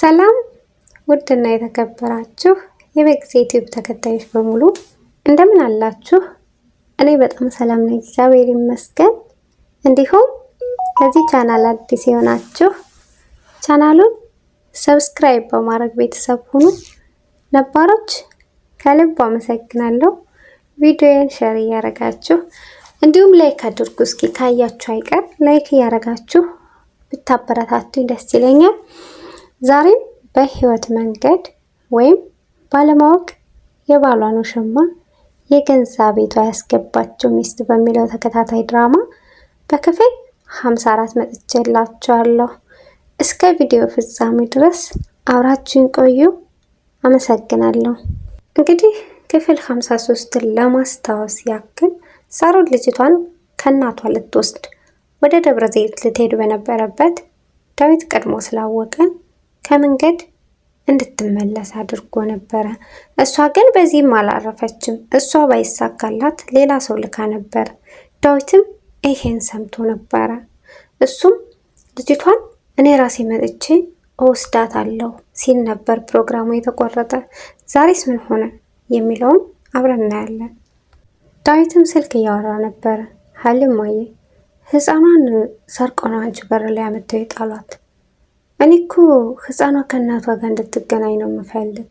ሰላም ውድና የተከበራችሁ የበጊዜ ዩቲዩብ ተከታዮች በሙሉ እንደምን አላችሁ? እኔ በጣም ሰላም ነኝ፣ እግዚአብሔር ይመስገን። እንዲሁም ለዚህ ቻናል አዲስ የሆናችሁ ቻናሉን ሰብስክራይብ በማድረግ ቤተሰብ ሁኑ። ነባሮች ከልብ አመሰግናለሁ። ቪዲዮን ሸር እያደረጋችሁ እንዲሁም ላይክ አድርጉ። እስኪ ካያችሁ አይቀር ላይክ እያደረጋችሁ ብታበረታቱኝ ደስ ይለኛል። ዛሬም በህይወት መንገድ ወይም ባለማወቅ የባሏን ውሽማ የገንዛ ቤቷ ያስገባቸው ሚስት በሚለው ተከታታይ ድራማ በክፍል 54 መጥቼላችኋለሁ። እስከ ቪዲዮ ፍጻሜ ድረስ አብራችሁን ቆዩ። አመሰግናለሁ። እንግዲህ ክፍል 53ን ለማስታወስ ያክል ሳሮን ልጅቷን ከእናቷ ልትወስድ ወደ ደብረ ዘይት ልትሄድ በነበረበት ዳዊት ቀድሞ ስላወቀን። ከመንገድ እንድትመለስ አድርጎ ነበረ። እሷ ግን በዚህም አላረፈችም። እሷ ባይሳካላት ሌላ ሰው ልካ ነበር። ዳዊትም ይሄን ሰምቶ ነበረ። እሱም ልጅቷን እኔ ራሴ መጥቼ እወስዳታለሁ ሲል ነበር ፕሮግራሙ የተቆረጠ። ዛሬስ ምን ሆነ የሚለውን አብረን እናያለን። ዳዊትም ስልክ እያወራ ነበረ። ሀልም ህፃኗን ሰርቆ ነው አንቺ በር ላይ አመተው የጣሏት እኔ እኮ ህፃኗ ከእናቷ ጋር እንድትገናኝ ነው የምፈልግ።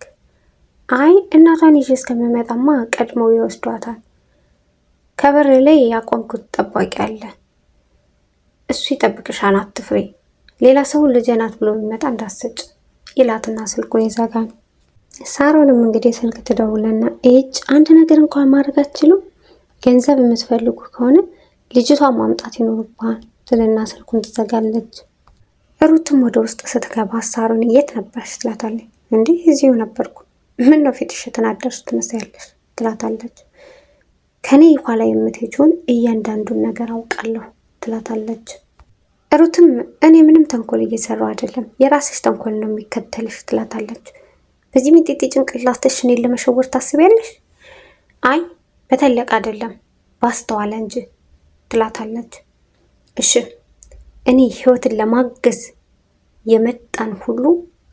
አይ እናቷን ይዤ እስከምመጣማ ቀድመው ይወስዷታል። ከበር ላይ ያቆምኩት ጠባቂ አለ። እሱ ይጠብቅሻን፣ አትፍሪ። ሌላ ሰው ልጄ ናት ብሎ የሚመጣ እንዳሰጭ ይላትና ስልኩን ይዘጋል። ሳሮንም እንግዲህ ስልክ ትደውልና ይች አንድ ነገር እንኳን ማድረግ አትችሉም፣ ገንዘብ የምትፈልጉ ከሆነ ልጅቷን ማምጣት ይኖርብሃል ትልና ስልኩን ትዘጋለች። ሩትም ወደ ውስጥ ስትገባ ሳሮን የት ነበርሽ ትላታለች። እንዲህ እዚሁ ነበርኩ። ምን ነው ፊትሽ የተናደርሽ ትመስያለሽ ትላታለች። ከኔ ኋላ የምትሄጂውን እያንዳንዱን ነገር አውቃለሁ ትላታለች። ሩትም እኔ ምንም ተንኮል እየሰራሁ አይደለም፣ የራስሽ ተንኮል ነው የሚከተልሽ ትላታለች። በዚህ ሚጢጢ ጭንቅላትሽ እኔን ለመሸወር ታስቢያለሽ? አይ በተለቅ አይደለም ባስተዋለ እንጂ ትላታለች። እሺ እኔ ህይወትን ለማገዝ የመጣን ሁሉ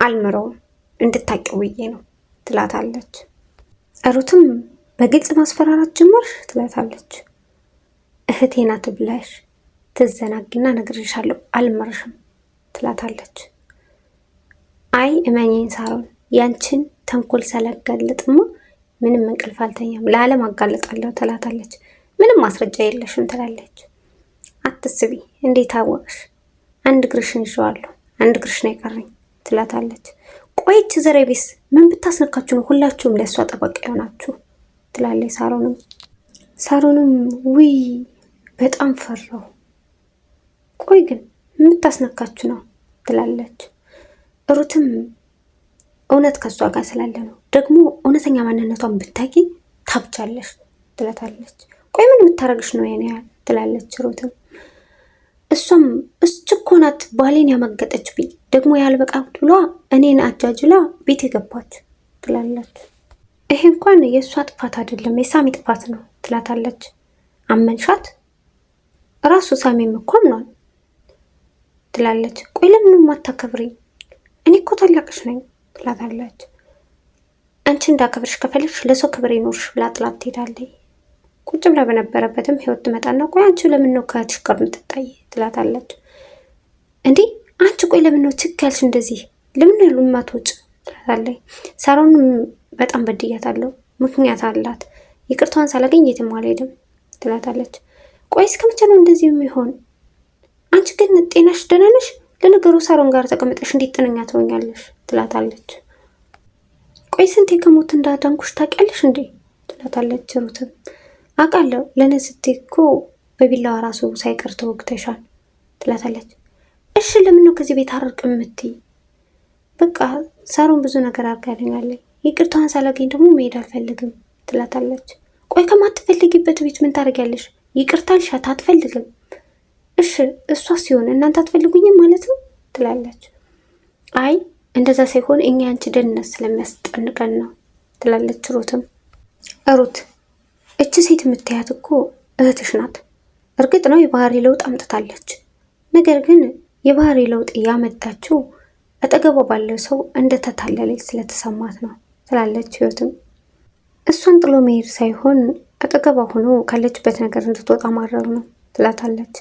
አልምረውም እንድታቂው ብዬ ነው ትላታለች። ሩትም በግልጽ ማስፈራራት ጀመርሽ ትላታለች። እህቴ ናት ብለሽ ትዘናጊና እነግርሻለሁ አልምርሽም ትላታለች። አይ እመኝን ሳሮን ያንቺን ተንኮል ሳላጋለጥማ ምንም እንቅልፍ አልተኛም ለዓለም አጋለጣለሁ ትላታለች። ምንም ማስረጃ የለሽም ትላለች። አትስቢ እንዴት አወቅሽ? አንድ እግርሽን ይዤዋለሁ አንድ ቅርሽ ነው የቀረኝ ትላታለች። ቆይች ዘረቤስ ምን ብታስነካችሁ ነው ሁላችሁም ለእሷ ጠበቃ የሆናችሁ ትላለች። ሳሮንም ሳሮንም ውይ በጣም ፈራው። ቆይ ግን ምን ብታስነካችሁ ነው ትላለች። ሩትም እውነት ከእሷ ጋር ስላለ ነው ደግሞ እውነተኛ ማንነቷን ብታቂ ታብቻለሽ ትላታለች። ቆይ ምን የምታረግሽ ነው የኔ ትላለች ሩትም እሷም እስችኮናት ባሌን ያማገጠችብኝ ደግሞ ያልበቃ ብሏ እኔን አጃጅላ ቤት የገባች ትላለች። ይሄ እንኳን የእሷ ጥፋት አይደለም የሳሚ ጥፋት ነው ትላታለች። አመንሻት እራሱ ሳሚም እኮ አምኗል ትላለች። ቆይ ለምንም አታከብሪ? እኔ እኮ ታላቅሽ ነኝ ትላታለች። አንቺ እንዳከብርሽ ከፈለግሽ ለሰው ክብር ይኖርሽ ብላ ጥላት ትሄዳለች። ቁጭ ብላ በነበረበትም ህይወት ትመጣና ቆይ አንቺ ለምን ነው ከችግር የምትታይ ትላታለች። እንዴ አንቺ ቆይ ለምን ነው ችክ ያልሽ እንደዚህ ለምን ያሉ ማትወጭ ትላታለች። ሳሮንም በጣም በድያታለሁ ምክንያት አላት ይቅርቷን ሳላገኝ የትም አልሄድም ትላታለች። ቆይ እስከ መቼ ነው እንደዚህ የሚሆን? አንቺ ግን ጤናሽ ደህና ነሽ? ለነገሩ ሳሮን ጋር ተቀምጠሽ እንዴት ጤነኛ ትሆኛለሽ? ትላታለች። ቆይ ስንቴ ከሞት እንዳዳንኩሽ ታውቂያለሽ እንዴ? ትላታለች ሩትም አውቃለሁ ለእኔ ስትይ እኮ በቢላዋ ራሱ ሳይቀር ተወግተሻል ትላታለች። እሺ ለምን ነው ከዚህ ቤት አርቅ የምትይ? በቃ ሳሮን ብዙ ነገር አድርጋልኛለች። ይቅርታዋን ሳላገኝ ደግሞ መሄድ አልፈልግም ትላታለች። ቆይ ከማትፈልጊበት ቤት ምን ታደርጊያለሽ? ይቅርታ አልሻት አትፈልግም። እሺ እሷ ሲሆን እናንተ አትፈልጉኝም ማለት ነው ትላለች። አይ እንደዛ ሳይሆን እኛ ያንቺ ደህንነት ስለሚያስጠንቀን ነው ትላለች ሩትም ሩት እች ሴት የምታያት እኮ እህትሽ ናት። እርግጥ ነው የባህሪ ለውጥ አምጥታለች። ነገር ግን የባህሪ ለውጥ እያመጣችው አጠገቧ ባለው ሰው እንደተታለለች ስለተሰማት ነው ትላለች ህይወትም። እሷን ጥሎ መሄድ ሳይሆን አጠገቧ ሆኖ ካለችበት ነገር እንድትወጣ ማድረግ ነው ትላታለች።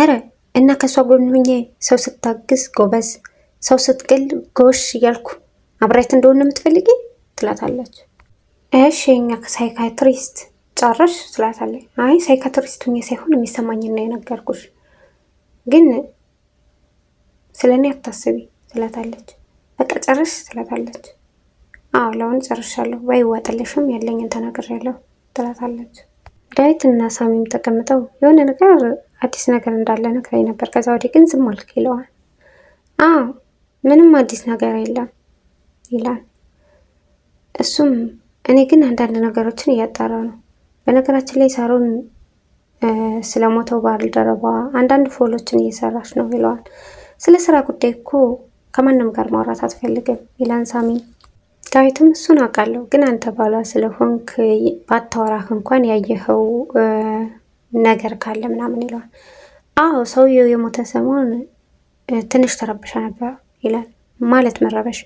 አረ እና ከእሷ ጎን ሁኜ ሰው ስታግዝ ጎበዝ፣ ሰው ስትቅል ጎሽ እያልኩ አብራይት እንደሆነ የምትፈልጊ ትላታለች። እሺ የኛ ሳይካትሪስት ትጻረሽ ትላታለች። አይ ሳይካትሪስቱ ሳይሆን ና የነገርኩሽ ግን ስለ እኔ አታስቢ ትላታለች። በቃ ጨርሽ ትላታለች። አዎ ለአሁን ጨርሻለሁ፣ ባይዋጥልሽም ያለኝን ተናግሬያለሁ ትላታለች። ዳዊት እና ሳሚም ተቀምጠው የሆነ ነገር አዲስ ነገር እንዳለ ነግራኝ ነበር፣ ከዛ ወዲህ ግን ዝም አልክ ይለዋል። አዎ ምንም አዲስ ነገር የለም ይላል። እሱም እኔ ግን አንዳንድ ነገሮችን እያጣራ ነው በነገራችን ላይ ሳሮን ስለሞተው ባልደረባ አንዳንድ ፎሎችን እየሰራች ነው ይለዋል። ስለ ስራ ጉዳይ እኮ ከማንም ጋር ማውራት አትፈልግም ይላን ሳሚ። ዳዊትም እሱን አውቃለሁ፣ ግን አንተ ባሏ ስለሆንክ ባታወራህ እንኳን ያየኸው ነገር ካለ ምናምን ይለዋል። አዎ ሰውየው የሞተ ሰሞን ትንሽ ተረብሻ ነበር ይላል። ማለት መረበሽ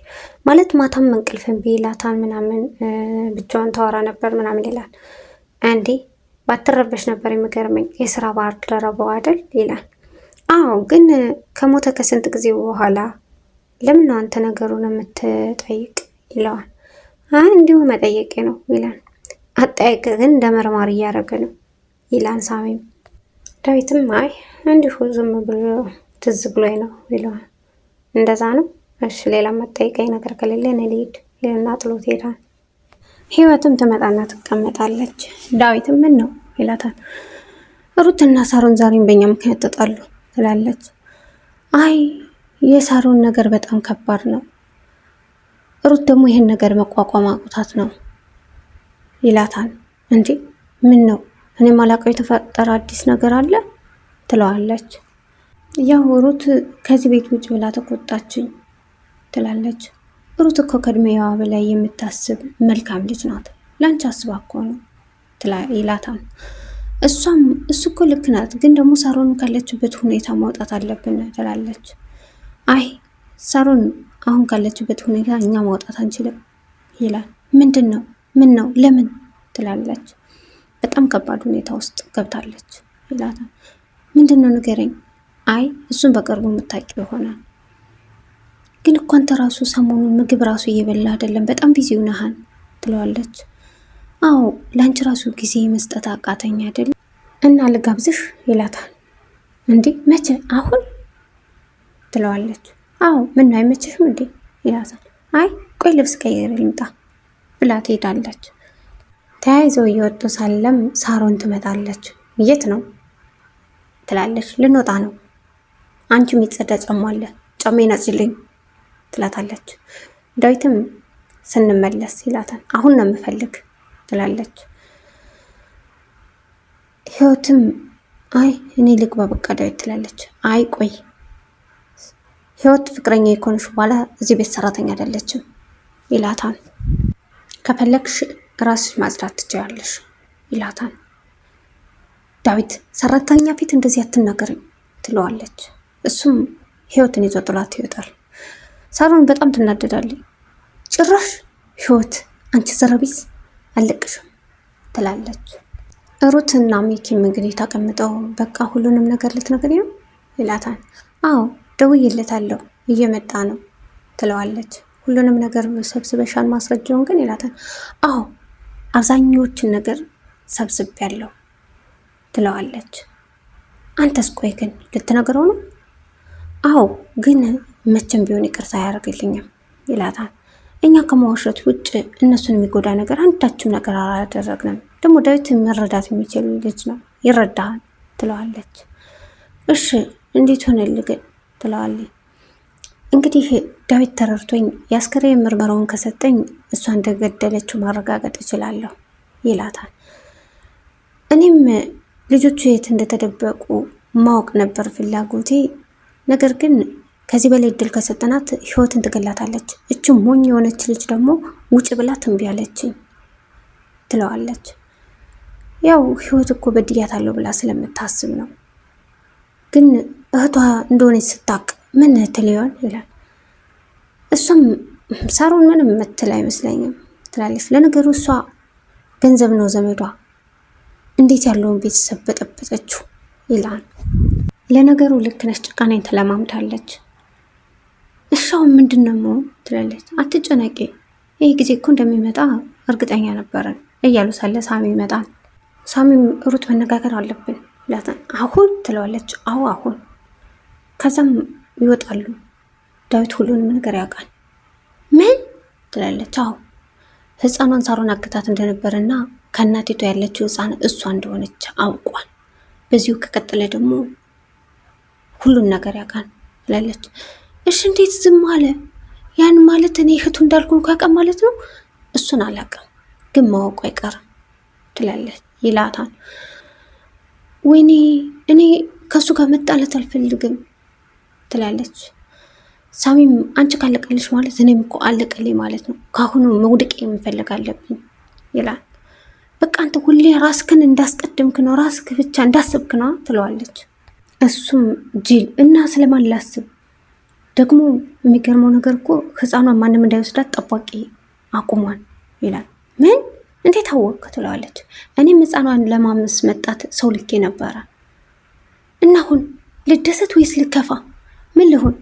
ማለት ማታም እንቅልፍን ቢላታን ምናምን ብቻዋን ታወራ ነበር ምናምን ይላል። እንዴ ባትረበሽ ነበር የሚገርመኝ የስራ ባህር ባልደረባው አይደል ይላል። አዎ ግን ከሞተ ከስንት ጊዜ በኋላ ለምን ነው አንተ ነገሩን የምትጠይቅ ይለዋል። አይ እንዲሁ መጠየቄ ነው ይላል። አጠያየቅ ግን እንደ መርማር እያደረገ ነው ይላል ሳሚም። ዳዊትም አይ እንዲሁ ዝም ብሎ ትዝ ብሎኝ ነው ይለዋል። እንደዛ ነው እሺ፣ ሌላ መጠይቀኝ ነገር ከሌለ እኔ ልሂድ ይልና ጥሎት ይሄዳል። ህይወትም ትመጣና ትቀመጣለች። ዳዊትም ምን ነው ይላታል። ሩትና ሳሮን ዛሬም በእኛ ምክንያት ተጣሉ ትላለች። አይ የሳሮን ነገር በጣም ከባድ ነው፣ ሩት ደግሞ ይህን ነገር መቋቋም አቁታት ነው ይላታል። እንዴ ምን ነው እኔ ማላውቀው የተፈጠረ አዲስ ነገር አለ ትለዋለች። ያው ሩት ከዚህ ቤት ውጭ ብላ ተቆጣችኝ ትላለች። ሩት እኮ ከእድሜዋ በላይ የምታስብ መልካም ልጅ ናት፣ ለአንቺ አስባ እኮ ነው ይላታል። እሷም እሱ እኮ ልክ ናት፣ ግን ደግሞ ሳሮን ካለችበት ሁኔታ ማውጣት አለብን ትላለች። አይ ሳሮን አሁን ካለችበት ሁኔታ እኛ ማውጣት አንችልም ይላል። ምንድን ነው ምን ነው ለምን ትላለች። በጣም ከባድ ሁኔታ ውስጥ ገብታለች ይላታል። ምንድን ነው ንገረኝ። አይ እሱን በቅርቡ የምታውቂው ይሆናል ግን እኮ አንተ ራሱ ሰሞኑን ምግብ ራሱ እየበላ አይደለም፣ በጣም ቢዚ ሆነሃል ትለዋለች። አዎ ለአንቺ ራሱ ጊዜ መስጠት አቃተኝ አይደለም እና ልጋብዝሽ ይላታል። እንዴ መቼ አሁን ትለዋለች። አዎ ምን አይመችሽም እንዴ ይላታል። አይ ቆይ ልብስ ቀይር ልምጣ ብላ ትሄዳለች። ተያይዘው እየወጡ ሳለም ሳሮን ትመጣለች። የት ነው ትላለች። ልንወጣ ነው። አንቺም የሚጸዳ ጫማ አለ ጫማ ትላታለች። ዳዊትም ስንመለስ ይላታል። አሁን ነው የምፈልግ ትላለች። ህይወትም አይ እኔ ልግባ በቃ ዳዊት ትላለች። አይ ቆይ ህይወት ፍቅረኛ የኮንሽ በኋላ እዚህ ቤት ሰራተኛ አይደለችም ይላታል። ከፈለግሽ ራስሽ ማጽዳት ትችላለሽ ይላታል። ዳዊት ሰራተኛ ፊት እንደዚህ አትናገርኝ ትለዋለች። እሱም ህይወትን ይዞ ጥላት ይወጣል። ሳሮን በጣም ትናደዳለች። ጭራሽ ህይወት አንቺ ዘረቢስ አለቅሽም ትላለች። ሩት እና ሚኪም እንግዲህ ተቀምጠው በቃ ሁሉንም ነገር ልትነግሪ ነው ይላታል። አዎ ደውዬለታለሁ እየመጣ ነው ትለዋለች። ሁሉንም ነገር ሰብስበሻን ማስረጃውን ግን ይላታል። አዎ አብዛኛዎችን ነገር ሰብስብ ያለው ትለዋለች። አንተስ ቆይ ግን ልትነግረው ነው? አዎ ግን መቼም ቢሆን ይቅርታ አያደርግልኝም ይላታል። እኛ ከመዋሸት ውጭ እነሱን የሚጎዳ ነገር አንዳችም ነገር አላደረግንም። ደግሞ ዳዊት መረዳት የሚችል ልጅ ነው፣ ይረዳሃል ትለዋለች። እሺ እንዴት ሆነልህ ትለዋለች። እንግዲህ ዳዊት ተረድቶኝ የአስከሬ ምርመራውን ከሰጠኝ እሷ እንደገደለችው ማረጋገጥ እችላለሁ ይላታል። እኔም ልጆቹ የት እንደተደበቁ ማወቅ ነበር ፍላጎቴ፣ ነገር ግን ከዚህ በላይ እድል ከሰጠናት ህይወትን ትገላታለች። እች ሞኝ የሆነች ልጅ ደግሞ ውጭ ብላ ትንቢ ያለች ትለዋለች። ያው ህይወት እኮ በድያታለሁ ብላ ስለምታስብ ነው። ግን እህቷ እንደሆነች ስታቅ ምን ትል ይሆን ይላል። እሷም ሳሮን ምንም ምትል አይመስለኝም ትላለች። ለነገሩ እሷ ገንዘብ ነው ዘመዷ፣ እንዴት ያለውን ቤተሰብ በጠበጠችው ይላል። ለነገሩ ልክ ነሽ፣ ጭቃኔን ተለማምዳለች። እሻውን ምንድን ነው መሆን ትላለች። አትጨነቂ፣ ይህ ጊዜ እኮ እንደሚመጣ እርግጠኛ ነበረን እያሉ ሳለ ሳሚ ይመጣል። ሳሚም ሩት መነጋገር አለብን ይላታል። አሁን ትለዋለች። አዎ አሁን። ከዛም ይወጣሉ። ዳዊት ሁሉንም ነገር ያውቃል። ምን ትላለች። አዎ ህፃኗን ሳሮን አግታት እንደነበረና ከእናቲቷ ያለችው ህፃን እሷ እንደሆነች አውቋል። በዚሁ ከቀጠለ ደግሞ ሁሉን ነገር ያውቃል ትላለች። እሺ እንዴት ዝም አለ? ያን ማለት እኔ እህቱ እንዳልኩን ካቀ ማለት ነው። እሱን አላውቅም ግን ማወቁ አይቀርም ትላለች ይላታል። ወይኔ እኔ ከእሱ ጋር መጣለት አልፈልግም ትላለች። ሳሚም አንቺ ካለቀልሽ ማለት እኔም እኮ አለቀልኝ ማለት ነው። ከአሁኑ መውደቅ የምፈልግ አለብኝ ይላል። በቃ አንተ ሁሌ ራስክን እንዳስቀድምክ ነው፣ ራስክ ብቻ እንዳስብክ ነው ትለዋለች። እሱም ጅል እና ስለማን ላስብ ደግሞ የሚገርመው ነገር እኮ ህፃኗን ማንም እንዳይወስዳት ጠባቂ አቁሟል ይላል። ምን እንዴት አወቅ ትለዋለች። እኔም ህፃኗን መጣት ሰው ልኬ ነበረ እና አሁን ልደሰት ወይስ ልከፋ? ምን ልሁን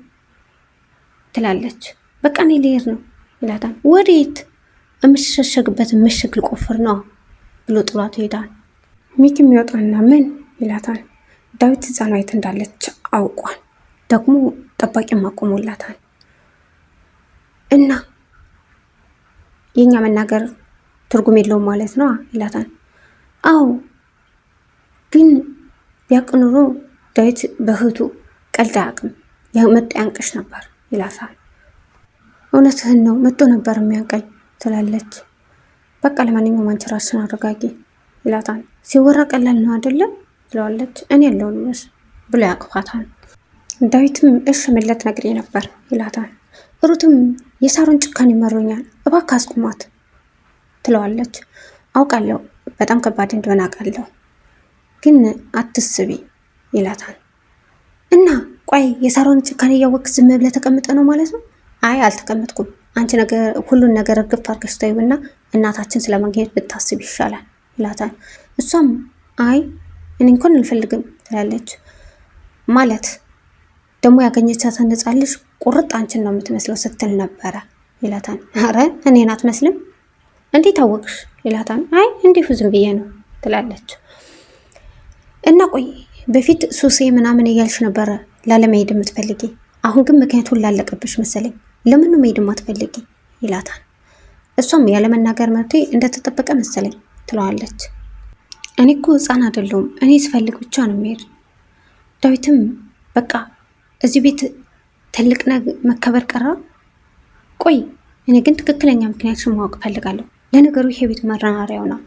ትላለች። በቃ እኔ ልሄድ ነው ይላታል። ወዴት? የምትሸሸግበት ምሽግ ልቆፍር ነው ብሎ ጥሏት ይሄዳል። ሚኪም የሚወጣና ምን ይላታል። ዳዊት ህፃኗ የት እንዳለች አውቋል ደግሞ ጠባቂም አቁሞላታል። እና የእኛ መናገር ትርጉም የለውም ማለት ነው ይላታል። አዎ ግን ቢያቅ ኑሮ ዳዊት በእህቱ ቀልድ አያውቅም፣ መጦ ያንቀሽ ነበር ይላታል። እውነትህን ነው መጦ ነበር የሚያንቀኝ ትላለች። በቃ ለማንኛውም አንቺ ራስሽን አረጋጊ ይላታል። ሲወራ ቀላል ነው አይደለም ትለዋለች። እኔ ያለውን ብሎ ያቅፋታል። ዳዊትም እሽ ምለት ነግሬ ነበር ይላታል። ሩትም የሳሮን ጭካኔ መሮኛል፣ እባክ አስቁማት ትለዋለች። አውቃለሁ በጣም ከባድ እንደሆነ አውቃለሁ፣ ግን አትስቢ ይላታል። እና ቆይ የሳሮን ጭካኔ እያወቅ ዝም ብለ ተቀምጠ ነው ማለት ነው? አይ አልተቀመጥኩም። አንቺ ነገር ሁሉን ነገር እርግፍ አድርገሽ ተይው እና እናታችን ስለማግኘት ብታስብ ይሻላል ይላታል። እሷም አይ እኔ እንኳን አልፈልግም ትላለች ማለት ደግሞ ያገኘቻትን ሕፃን ልጅ ቁርጥ አንቺን ነው የምትመስለው ስትል ነበረ ይላታል። አረ እኔን አትመስልም እንዴት አወቅሽ? ይላታል። አይ እንዲሁ ዝም ብዬ ነው ትላለች። እና ቆይ በፊት ሱሴ ምናምን እያልሽ ነበረ ላለመሄድ የምትፈልጊ አሁን ግን ምክንያቱን ላለቀብሽ መሰለኝ ለምኑ መሄድ ማትፈልጊ ይላታል። እሷም ያለመናገር መብቴ እንደተጠበቀ መሰለኝ ትለዋለች። እኔ እኮ ህፃን አይደለሁም እኔ ስፈልግ ብቻ ነው የምሄድ ዳዊትም በቃ እዚህ ቤት ትልቅ መከበር ቀራ። ቆይ እኔ ግን ትክክለኛ ምክንያትሽን ማወቅ ፈልጋለሁ። ለነገሩ ይሄ ቤት መረናሪያው ነው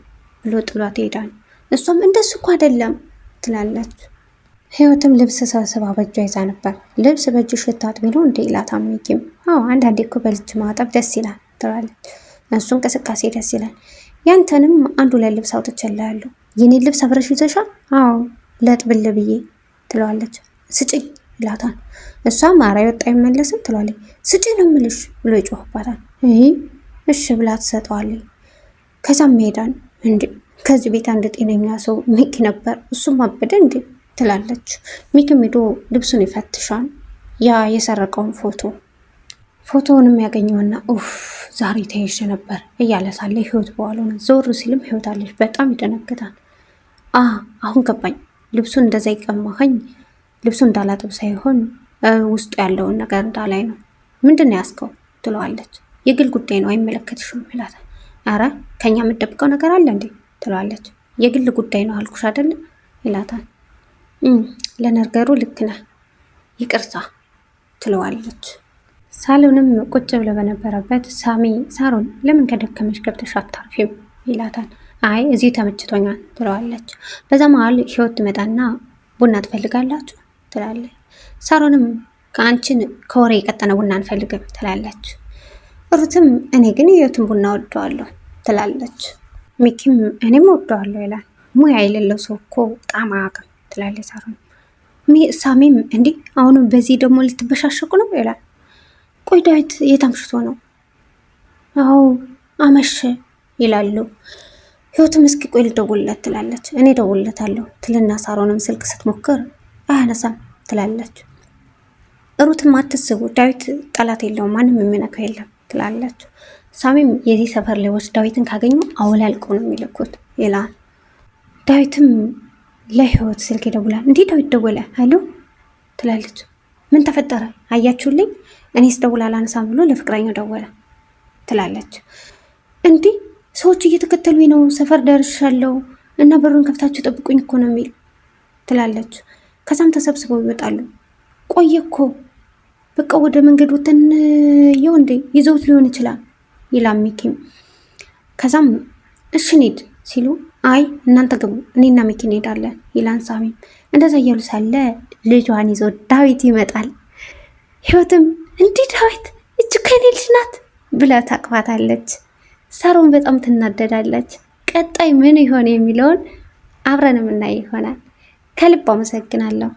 ብሎ ጥሏት ይሄዳል። እሷም እንደሱ እኮ አይደለም ትላለች። ህይወትም ልብስ ሰብስባ በእጇ ይዛ ነበር። ልብስ በእጅሽ ልታጥቢ ነው እንደ ይላት አሚኪም፣ አዎ አንዳንዴ እኮ በልጅ ማጠብ ደስ ይላል ትላለች። እሱ እንቅስቃሴ ደስ ይላል። ያንተንም አንዱ ላይ ልብስ አውጥቼልሃለሁ። የኔን ልብስ አብረሽ ይዘሻል? አዎ ለጥብል ብዬ ትለዋለች። ስጭኝ ይላታል። እሷም ኧረ የወጣ አይመለስም ትሏለች። ስጪ ነው የምልሽ ብሎ ይጮህባታል። ይህ እሺ ብላ ትሰጠዋለች። ከዛም መሄዳን እንዲ ከዚህ ቤት አንድ ጤነኛ ሰው ሚኪ ነበር እሱም አበደ እንዲ ትላለች። ሚኪም ሄዶ ልብሱን ይፈትሻል። ያ የሰረቀውን ፎቶ ፎቶውንም ያገኘውና ኡፍ ዛሬ ተይሽ ነበር እያለ ሳለ ህይወት በኋላ ነው። ዞር ሲልም ህይወት አለች። በጣም ይደነግጣል። አሁን ገባኝ ልብሱን እንደዛ ይቀማኸኝ ልብሱ እንዳላጥብ ሳይሆን ውስጡ ያለውን ነገር እንዳላይ ነው። ምንድን ነው ያስከው ትለዋለች። የግል ጉዳይ ነው አይመለከትሽም ይላታል። አረ ከኛ የምትደብቀው ነገር አለ እንዴ ትለዋለች። የግል ጉዳይ ነው አልኩሽ አይደለ ይላታል። ለነገሩ ልክ ነህ፣ ይቅርታ ትለዋለች። ሳሎንም ቁጭ ብለ በነበረበት ሳሚ ሳሮን ለምን ከደከመች ገብተሽ አታርፊም ይላታል። አይ እዚህ ተመችቶኛል ትለዋለች። በዛ መሀል ህይወት ትመጣና ቡና ትፈልጋላችሁ ትላለች። ሳሮንም ከአንቺን ከወሬ የቀጠነ ቡና አንፈልግም ትላለች። ሩትም እኔ ግን የቱን ቡና ወደዋለሁ ትላለች። ሚኪም እኔም ወደዋለሁ ይላል። ሙያ የሌለው ሰው እኮ ጣም አያውቅም ትላለች ሳሮን። ሳሚም እንዲህ አሁንም በዚህ ደግሞ ልትበሻሸቁ ነው ይላል። ቆይ ዳዊት የት አምሽቶ ነው? አዎ አመሸ ይላሉ። ህይወትም እስኪ ቆይ ልደውልለት ትላለች። እኔ ደውልለታለሁ ትልና ሳሮንም ስልክ ስትሞክር አያነሳም ትላላችሁ። ሩትም አትስቡ፣ ዳዊት ጠላት የለውም፣ ማንም የሚነካው የለም ትላለች። ሳሚም የዚህ ሰፈር ሌቦች ዳዊትን ካገኙ አውላልቆ ነው የሚልኩት ይላል። ዳዊትም ለህይወት ስልክ ይደውላል። እንዲህ ዳዊት ደወለ አሉ ትላለች። ምን ተፈጠረ አያችሁልኝ? እኔስ ደውል አላነሳም ብሎ ለፍቅረኛው ደወለ ትላለች። እንዲህ ሰዎች እየተከተሉኝ ነው፣ ሰፈር ደርሻለሁ እና በሩን ከፍታችሁ ጠብቁኝ እኮ ነው የሚል ትላለች። ከዛም ተሰብስበው ይወጣሉ። ቆየ እኮ በቃ ወደ መንገድ ወተን የው እንዴ ይዘውት ሊሆን ይችላል ይላል ሚኪም። ከዛም እሽ እንሂድ ሲሉ አይ እናንተ ግቡ እኔና ሚኪ እንሄዳለን ይላል ሳሚም። እንደዛ እያሉ ሳለ ልጇን ይዞ ዳዊት ይመጣል። ህይወትም እንዲህ ዳዊት እች ከኔ ልጅ ናት ብላ ታቅፋታለች። ሰሮን በጣም ትናደዳለች። ቀጣይ ምን ይሆን የሚለውን አብረን የምናይ ይሆናል። ከልብ አመሰግናለሁ።